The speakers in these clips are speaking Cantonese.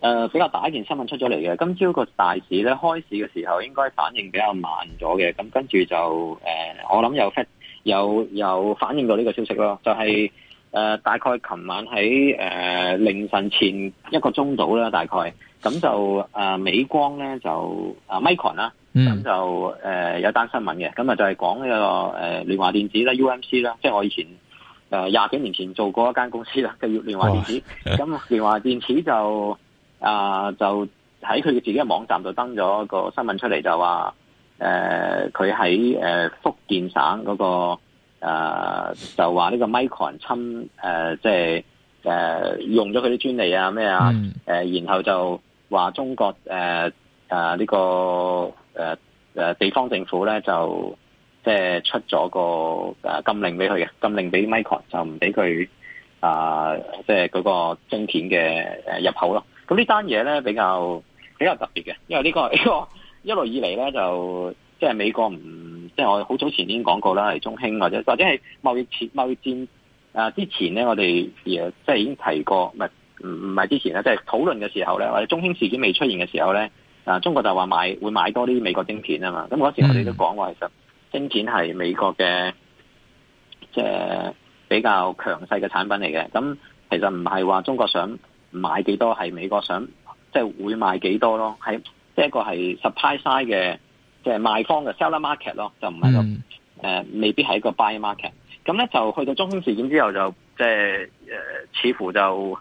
誒、呃，比較大一件新聞出咗嚟嘅。今朝個大市咧，開市嘅時候應該反應比較慢咗嘅。咁跟住就，誒、呃，我諗有 t 有有反應到呢個消息咯。就係、是，誒、呃，大概琴晚喺誒、呃、凌晨前一個鐘度啦，大概。咁就,、呃、就，啊，美光咧就，啊，Micron 啦。嗯。咁就，誒、呃，有單新聞嘅。咁啊、這個，就係講呢個誒聯華電子啦，UMC 啦，即係我以前誒廿幾年前做過一間公司啦，叫聯華電子。哦。咁、 嗯、聯華電子就。啊！就喺佢自己嘅網站度登咗個新聞出嚟，就話誒佢喺誒福建省嗰、那個、呃、就話呢個 Micron 侵誒即係誒用咗佢啲專利啊咩、嗯、啊誒然後就話中國誒誒呢個誒誒、呃呃呃、地方政府咧就即係、就是、出咗個禁令俾佢嘅禁令 Micron，俾、呃、Micron 就唔俾佢誒即係嗰個晶片嘅入口咯。咁呢單嘢咧比較比較特別嘅，因為、呢個、 呢個呢個一路以嚟咧就即係美國唔即係我好早前已經講過啦，係中興或者或者係貿易，貿易戰啊之前咧，我哋即係已經提過，唔係唔係之前咧，即係討論嘅時候咧，或者中興事件未出現嘅時候咧、啊，中國就話買會買多啲美國晶片啊嘛，咁嗰時我哋都講話其實晶片係美國嘅即係比較強勢嘅產品嚟嘅，咁其實唔係話中國想買幾多係美國想，即係會買幾多咯，係即係一個係 supply side 嘅，即係賣方嘅 seller market 咯，就唔係個誒未必係一個 buy market。咁咧就去到中興事件之後就，就即係誒，似乎就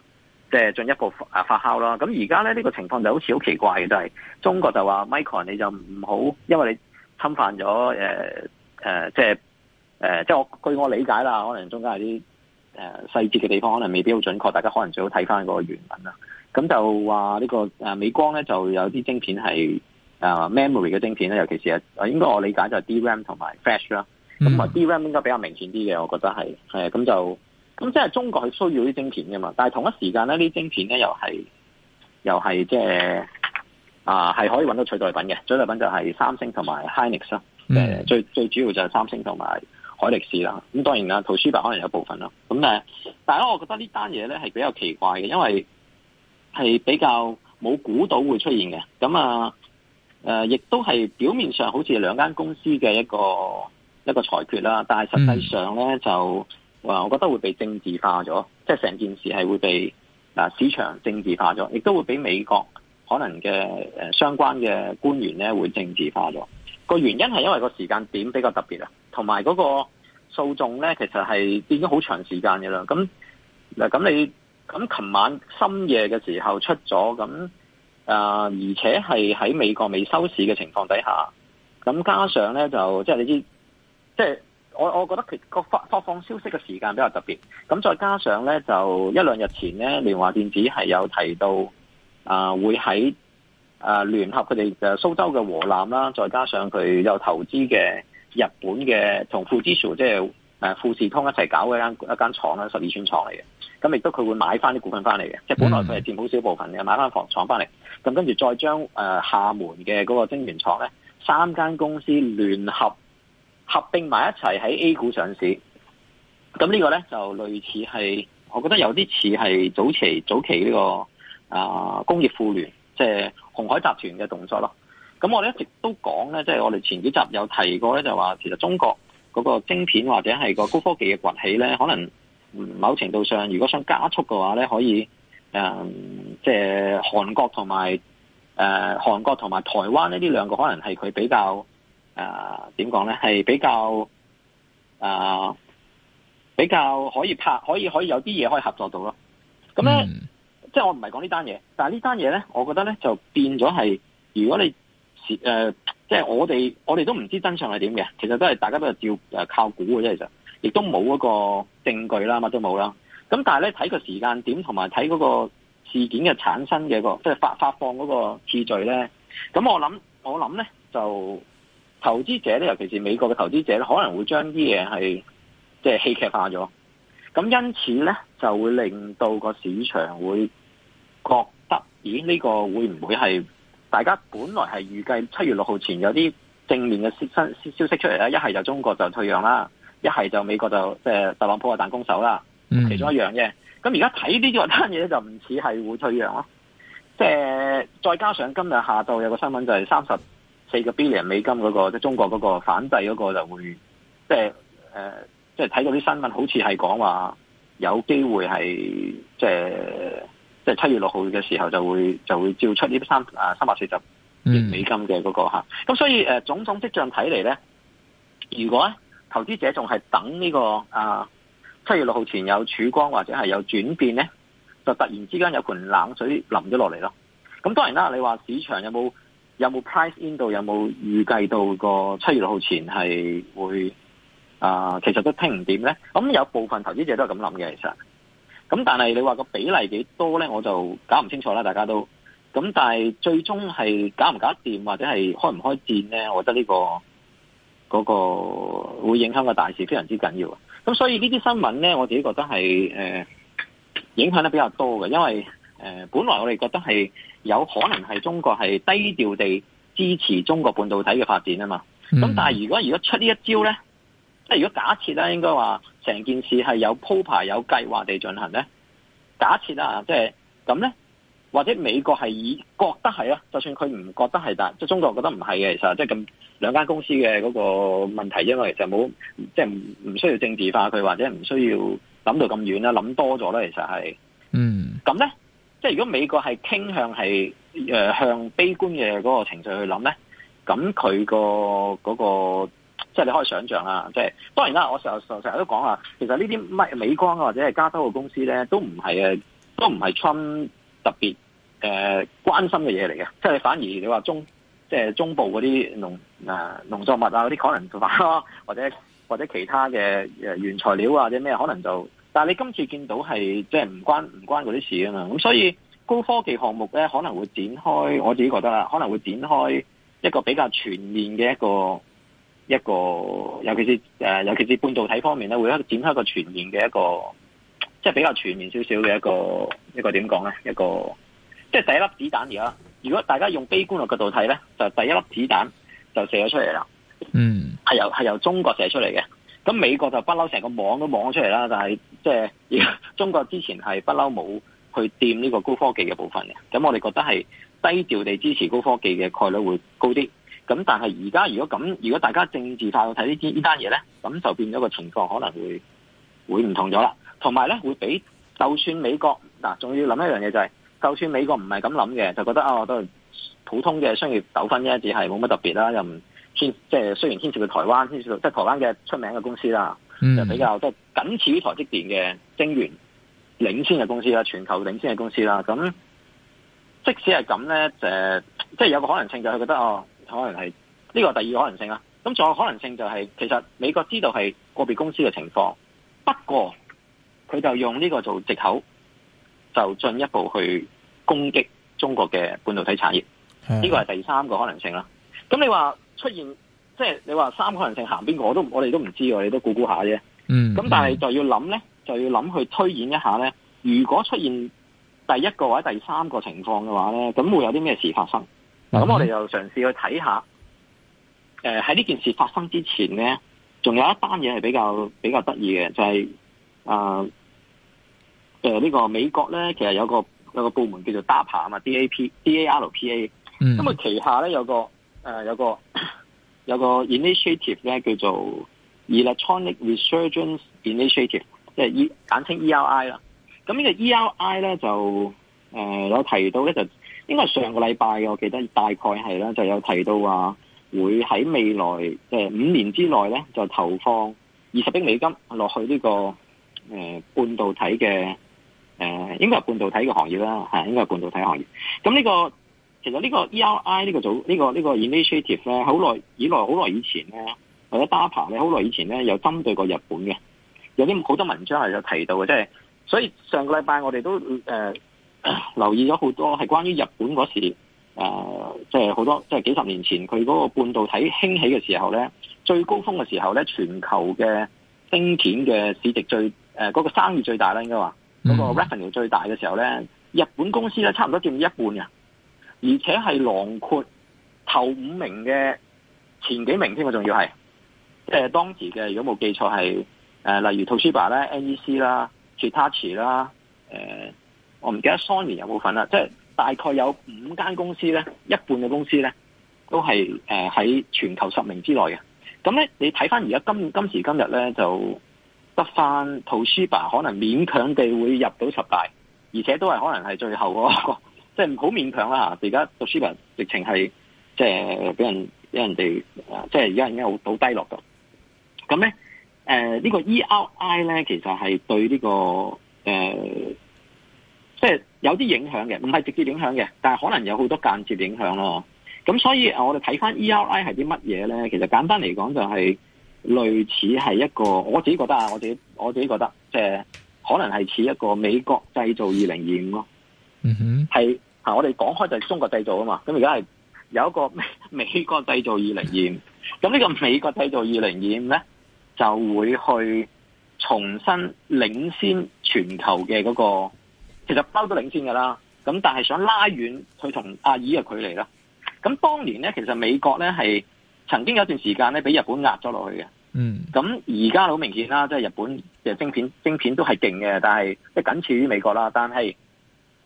即係進一步發發酵啦。咁而家咧呢個情況就好似好奇怪嘅，就係中國就話 Micron，你就唔好，因為你侵犯咗誒誒，即係誒、呃，即係我據我理解啦，可能中間有啲。誒，細節嘅地方可能未必好準確，大家可能最好睇翻嗰個原文啦。咁就話呢，啊這個誒美光咧就有啲晶片係誒、啊、memory 嘅晶片咧，尤其是啊，應該我理解就係 DRAM 同埋 flash 啦。咁啊 DRAM 應該比較明顯啲嘅，我覺得係係咁就咁即係中國係需要啲晶片嘅嘛。但係同一時間咧，呢啲晶片咧又係又係即係啊，係可以揾到取代品嘅，取代品就係三星同埋 Hynix 啦、嗯。誒，最最主要就係三星同埋。海力士啦，咁當然啦，圖書板可能有部分啦。咁誒，但係我覺得呢單嘢咧係比較奇怪嘅，因為係比較冇估到會出現嘅。咁啊亦都係表面上好似兩間公司嘅一個一個裁決啦，但係實際上咧、嗯、就話，我覺得會被政治化咗，即係成件事係會被嗱市場政治化咗，亦都會俾美國可能嘅、呃、相關嘅官員咧會政治化咗。個原因係因為個時間點比較特別啊。同埋嗰個訴訟咧，其實係變咗好長時間嘅啦。咁嗱，咁你咁琴晚深夜嘅時候出咗，咁啊、呃，而且係喺美國未收市嘅情況底下，咁加上咧就即係你知，即係我我覺得佢個發，發放消息嘅時間比較特別。咁再加上咧，就一兩日前咧，聯華電子係有提到啊、呃，會喺啊、呃、聯合佢哋蘇州嘅河南啦，再加上佢有投資嘅。日本嘅同富士通即係誒富士通一齊搞嗰間一間廠咧，十二寸廠嚟嘅，咁亦都佢會買翻啲股份翻嚟嘅，即係本來佢係佔好少部分嘅，買翻房廠翻嚟，咁跟住再將誒廈門嘅嗰個晶圓廠咧，三間公司聯合合併埋一齊喺 A 股上市，咁呢個咧就類似係，我覺得有啲似係早期早期呢、這個啊、呃、工業富聯即係鴻海集團嘅動作咯。咁我哋一直都講咧，即係我哋前幾集有提過咧，就話其實中國嗰個晶片或者係個高科技嘅崛起咧，可能某程度上，如果想加速嘅話咧，可以誒，即係韓國同埋誒韓國同埋台灣呢啲兩個，可能係佢比較誒點講咧，係比較啊比較可以拍，可以可以有啲嘢可以合作到咯。咁咧，嗯，即係我唔係講呢單嘢，但係呢單嘢咧，我覺得咧就變咗係如果你。誒，即係我哋，我哋都唔知真相係點嘅。其實都係大家都係照誒靠估嘅啫。其實，亦都冇嗰個證據啦，乜都冇啦。咁但係咧，睇個時間點同埋睇嗰個事件嘅產生嘅個，即係發發放嗰個次序咧。咁我諗，我諗咧就投資者咧，尤其是美國嘅投資者咧，可能會將啲嘢係即係戲劇化咗。咁因此咧，就會令到個市場會覺得，咦？呢個會唔會係？大家本來係預計七月六號前有啲正面嘅新新消息出嚟啦，一係就中國就退讓啦，一係就美國就即係、就是、特朗普嘅彈弓手啦，其中一樣嘅。咁而家睇呢個單嘢就唔似係會退讓咯。即係再加上今日下晝有個新聞就係三十四個 billion 美金嗰、那個，即、就、係、是、中國嗰個反制嗰個就會，即係誒、呃，即係睇到啲新聞好似係講話有機會係即係。即係七月六號嘅時候就會就會照出呢三啊三百四十億美金嘅嗰個吓，咁、嗯、所以誒、呃、種種跡象睇嚟咧，如果咧投資者仲係等呢、這個啊七、呃、月六號前有曙光或者係有轉變咧，就突然之間有盆冷水淋咗落嚟咯。咁、嗯、當然啦，你話市場有冇有冇 price in 度，有冇預計到個七月六號前係會啊，其實都聽唔掂咧。咁、嗯、有部分投資者都係咁諗嘅，其實。咁但係你話個比例幾多咧，我就搞唔清楚啦，大家都。咁但係最終係搞唔搞掂，或者係開唔開戰咧，我覺得呢、這個嗰、那個會影響個大事非常之緊要。咁所以聞呢啲新聞咧，我自己覺得係誒、呃、影響得比較多嘅，因為誒、呃、本來我哋覺得係有可能係中國係低調地支持中國半導體嘅發展啊嘛。咁、嗯、但係如果如果出呢一招咧？即係如果假設咧，應該話成件事係有鋪排、有計劃地進行咧。假設啊，即係咁咧，或者美國係以覺得係啊，就算佢唔覺得係，但即係中國覺得唔係嘅，其實即係咁兩間公司嘅嗰個問題啫嘛，因為其實冇即係唔需要政治化佢，或者唔需要諗到咁遠啦，諗多咗啦。其實係嗯咁咧，即係如果美國係傾向係誒向悲觀嘅嗰個情緒去諗咧，咁佢個嗰個。即係你可以想象啊！即係當然啦，我成日成日都講啊，其實呢啲美光或者係加州嘅公司咧，都唔係啊，都唔係特朗普特別呃關心嘅嘢嚟嘅。即係反而你話中即係中部嗰啲農啊農作物啊嗰啲，可能或者或者其他嘅原材料啊，或者咩可能就，但係你今次見到係即係唔關唔關嗰啲事啊嘛。咁所以高科技項目咧，可能會展開，我自己覺得啦，可能會展開一個比較全面嘅一個。一個尤其是誒、呃，尤其是半導體方面咧，會展開一個全面嘅一個，即係比較全面少少嘅一個一個點講咧，一個，怎麼說呢一個即係第一粒子彈而家。如果大家用悲觀嘅角度睇咧，就第一粒子彈就射咗出嚟啦。嗯，係由係由中國射出嚟嘅。咁美國就不嬲成個網都網咗出嚟啦。但係即係而家中國之前係不嬲冇去掂呢個高科技嘅部分嘅。咁我哋覺得係低調地支持高科技嘅概率會高啲。咁但係而家如果咁，如果大家政治化去睇呢啲呢單嘢咧，咁就變咗個情況可能會會唔同咗啦。同埋咧會俾就算美國嗱，仲要諗一樣嘢就係，就算美國唔係咁諗嘅，就覺得啊、哦，都係普通嘅商業糾紛啫，只係冇乜特別啦，又唔牽即係雖然牽涉到台灣，牽涉到即係台灣嘅出名嘅公司啦、嗯，就比較即係僅次於台積電嘅晶圓領先嘅公司啦，全球領先嘅公司啦。咁即使係咁咧，誒，即係有個可能性就係覺得哦。可能係呢個第二個可能性啦。咁仲有可能性就係，其實美國知道係個別公司嘅情況，不過佢就用呢個做借口，就進一步去攻擊中國嘅半導體產業。呢個係第三個可能性啦。咁你話出現，即係你話三個可能性行邊個，我都我哋都唔知，你都估估下啫。嗯。咁但係就要諗咧，就要諗去推演一下咧。如果出現第一個或者第三個情況嘅話咧，咁會有啲咩事發生？咁我哋又嘗試去睇下，誒喺呢件事發生之前咧，仲有一單嘢係比較比較得意嘅，就係誒誒呢個美國咧，其實有個有個部門叫做 DARPA 啊嘛，D A P D A R P A，咁啊旗下咧有個誒、呃、有個 有個 initiative 咧叫做 Electronic Resurgence Initiative，即係、e, 簡稱 E R I 啦。咁呢個 E R I 咧就誒我、呃、提到咧就。應該上個禮拜我記得大概係啦，就有提到話會喺未來即係五、就是、年之內咧，就投放二十億美金落去呢、這個誒、呃、半導體嘅誒、呃，應該係半導體嘅行業啦，係應該係半導體行業。咁、嗯、呢、這個其實呢個 E.R.I. 呢、這個組，呢、這個呢、這個 initiative 咧，好耐以來，好耐以前咧，或者 DARPA 咧，好耐以前咧，有針對過日本嘅，有啲好多文章係有提到嘅，即、就、係、是、所以上個禮拜我哋都誒。呃呃、留意咗好多係關於日本嗰時，誒、呃，即係好多，即係幾十年前佢嗰個半導體興起嘅時候咧，最高峰嘅時候咧，全球嘅晶片嘅市值最誒，嗰、呃，那個生意最大啦，應該話嗰個 Revenue 最大嘅時候咧，日本公司咧差唔多佔一半嘅，而且係囊括頭五名嘅前幾名添啊，仲要係誒當時嘅，如果冇記錯係誒，例如 Toshiba 咧、NEC 啦、Hitachi 啦，誒、呃。我唔記得 Sony 有冇份啦，即、就、係、是、大概有五間公司咧，一半嘅公司咧都係喺、呃、全球十名之內嘅。咁咧，你睇翻而家今今時今日咧，就得翻 Toshiba，可能勉強地會入到十大，而且都係可能係最後個、 就是。即係唔好勉強啦，而家 Toshiba 疫情係即係俾人俾人哋，即係而家已經好低落嘅。咁咧，呢、呃這個 E.R.I 咧，其實係對呢、這個誒。呃即係有啲影響嘅，唔係直接影響嘅，但係可能有好多間接影響咯。咁所以我哋睇翻 E.R.I 係啲乜嘢咧？其實簡單嚟講就係類似係一個，我自己覺得啊，我自己我自己覺得即係可能係似一個美國製造二零二五咯。嗯哼，係，我哋講開就係中國製造啊嘛。咁而家係有一個美美國製造二零二五，咁呢個美國製造二零二五咧，就會去重新領先全球嘅嗰個。其實包都領先噶啦，咁但係想拉遠佢同阿爾嘅距離啦。咁當年咧，其實美國咧係曾經有段時間咧俾日本壓咗落去嘅。嗯。咁而家好明顯啦，即係日本其晶片晶片都係勁嘅，但係即係僅次於美國啦。但係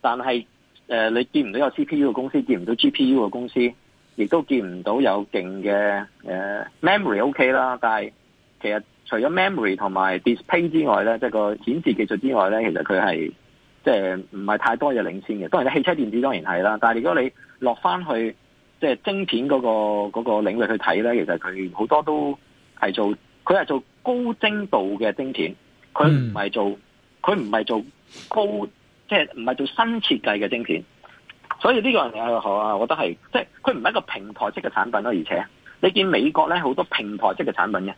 但係誒、呃，你見唔到有 C P U 嘅公司，見唔到 G P U 嘅公司，亦都見唔到有勁嘅誒 memory O、okay、K 啦。但係其實除咗 memory 同埋 display 之外咧，即、就、係、是、個顯示技術之外咧，其實佢係。即係唔係太多嘢領先嘅，當然咧汽車電子當然係啦，但係如果你落翻去即係晶片嗰個嗰個領域去睇咧，其實佢好多都係做，佢係做高精度嘅晶片，佢唔係做佢唔係做高，即係唔係做新設計嘅晶片。所以呢個人我覺得係即係佢唔係一個平台式嘅產品咯，而且你見美國咧好多平台式嘅產品嘅，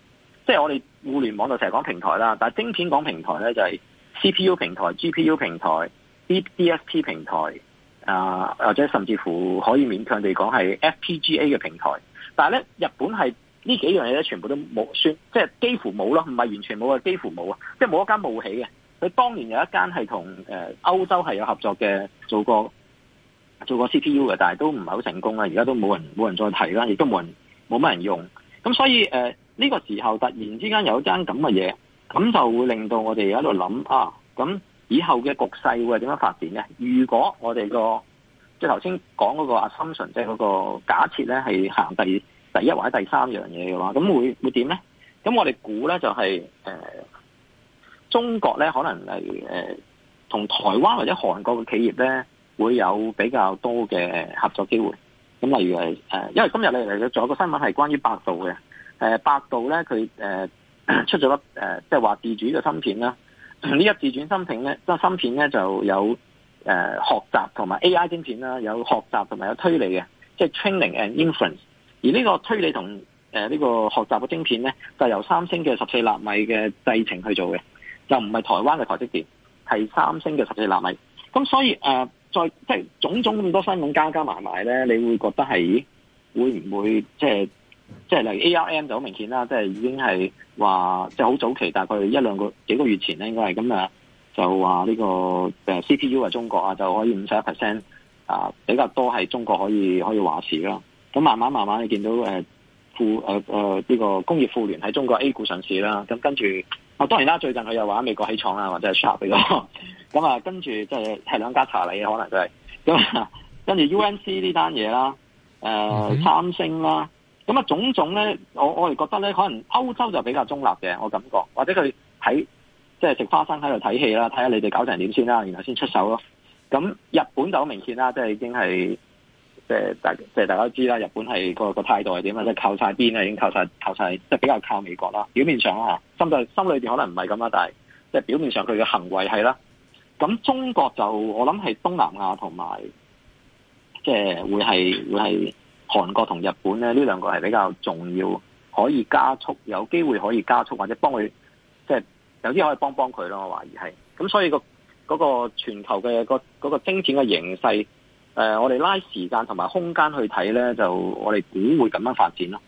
即係我哋互聯網就成日講平台啦，但係晶片講平台咧就係。C P U 平台、G P U 平台、D S P 平台啊、呃，或者甚至乎可以勉強地講係 F P G A 嘅平台。但係咧，日本係呢幾樣嘢咧，全部都冇算，即係幾乎冇咯，唔係完全冇啊，幾乎冇啊，即係冇一間冇起嘅。佢當年有一間係同誒歐洲係有合作嘅，做過做過 C P U 嘅，但係都唔係好成功啦，而家都冇人冇人再提啦，亦都冇人冇乜人用。咁所以誒呢、呃呢個時候突然之間有一間咁嘅嘢。咁就會令到我哋喺度諗啊，咁以後嘅局勢會係點樣發展呢？如果我哋個即係頭先講嗰個 assumption，即係嗰個假設呢，係行第第一或者第三樣嘢嘅話，咁會會點呢？咁我哋估呢，就、呃、係中國呢，可能例如同、呃、台灣或者韓國嘅企業呢，會有比較多嘅合作機會。咁例如係、呃、因為今日嚟嚟到仲有個新聞係關於百度嘅。誒、呃，百度咧佢出咗粒、呃、即係話自主嘅芯片啦。呢一自主芯片咧，即係芯片咧就有、呃、學習同埋 A I 晶片啦，有學習同埋有推理嘅，即、就、係、是、training and inference。而呢個推理同呢、呃呢個學習嘅晶片咧，就是、由三星嘅十四納米嘅製程去做嘅，就唔係台灣嘅台積電，係三星嘅十四納米。咁所以、呃、再即係、就是、種種咁多新聞加加埋埋咧，你會覺得係會唔會即係？就是即係例如 ARM 就好明顯啦，即係已經係話即係好早期，大概一兩個幾個月前咧，應該係咁啊，就話呢個誒 CPU 係中國啊，就可以五十一 percent 啊，比較多係中國可以可以話事啦。咁慢慢慢慢你見到誒富誒誒呢個工業富聯喺中國 A 股上市啦。咁跟住，我、哦、當然啦，最近佢又話美國起廠啊，或者係 Sharp 呢俾咁啊，跟住即係係兩家查理嘅可能就係、是、咁、啊。跟住 UNC 呢單嘢啦，誒、呃嗯、三星啦。咁啊，種種咧，我我哋覺得咧，可能歐洲就比較中立嘅，我感覺，或者佢睇即係食花生喺度睇戲啦，睇下你哋搞成點先啦，然後先出手咯。咁日本就好明顯啦，即係已經係即係大即係大家，大家都知啦，日本係個個態度係點啊，即係靠曬邊啊，已經靠晒，靠曬，即係比較靠美國啦。表面上啊，心內心裏面可能唔係咁啦，但係即係表面上佢嘅行為係啦。咁中國就我諗係東南亞同埋即係會係會係。韓國同日本咧，呢兩個係比較重要，可以加速，有機會可以加速，或者幫佢，即係有啲可以幫幫佢咯。我懷疑係咁，所以個嗰個全球嘅個嗰個晶片嘅形勢，呃，我哋拉時間同埋空間去睇咧，就我哋估會咁樣發展咯。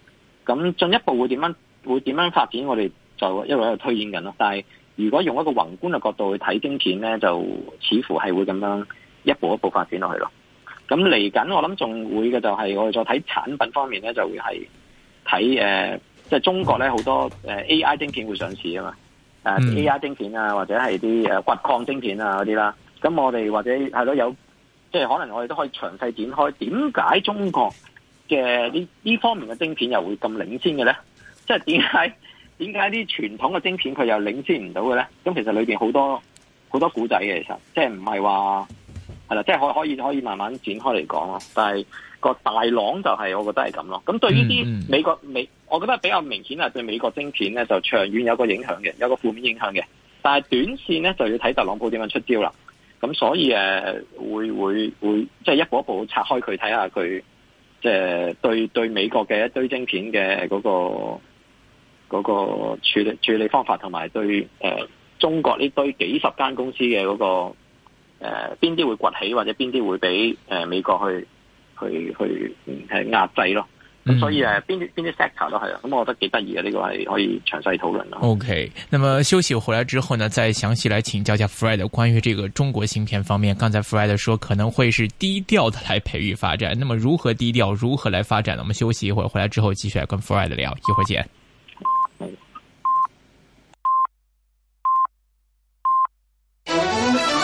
咁進一步會點樣會點樣發展？我哋就一路喺度推演緊咯。但係如果用一個宏觀嘅角度去睇晶片咧，就似乎係會咁樣一步一步發展落去咯。咁嚟緊，我諗仲會嘅就係我哋再睇產品方面咧，就會係睇誒，即、呃、係、就是、中國咧好多誒 AI 晶片會上市嘛、嗯、啊嘛，AI 晶片啊，或者係啲誒掘礦晶片啊嗰啲啦。咁我哋或者係咯有，即、就、係、是、可能我哋都可以詳細展開，點解中國嘅呢呢方面嘅晶片又會咁領先嘅咧？即係點解點解啲傳統嘅晶片佢又領先唔到嘅咧？咁其實裏邊好多好多古仔嘅，其實即係唔係話。係啦，即係可可以可以慢慢展開嚟講咯。但係個大浪就係、是、我覺得係咁咯。咁對於啲美國美，我覺得比較明顯係對美國晶片咧就長遠有個影響嘅，有個負面影響嘅。但係短線咧就要睇特朗普點樣出招啦。咁所以誒會會會即係、就是、一步一步拆開佢睇下佢即係對對美國嘅一堆晶片嘅嗰、那個嗰、那個處理處理方法，同埋對誒、呃、中國呢堆幾十間公司嘅嗰、那個。誒、呃，邊啲會崛起或者邊啲會俾誒、呃、美國去去去係、嗯、壓制咯？咁、嗯、所以誒邊啲邊啲 sector 都係啊，咁我覺得幾得意嘅呢個係可以詳細討論咯。OK，那麼休息回來之後呢，再詳細來請教一下 Fred 關於這個中國芯片方面。剛才 Fred 說可能會是低調地來培育發展，那麼如何低調，如何來發展呢？我們休息一會兒回來之後繼續來跟 Fred 聊，一會見。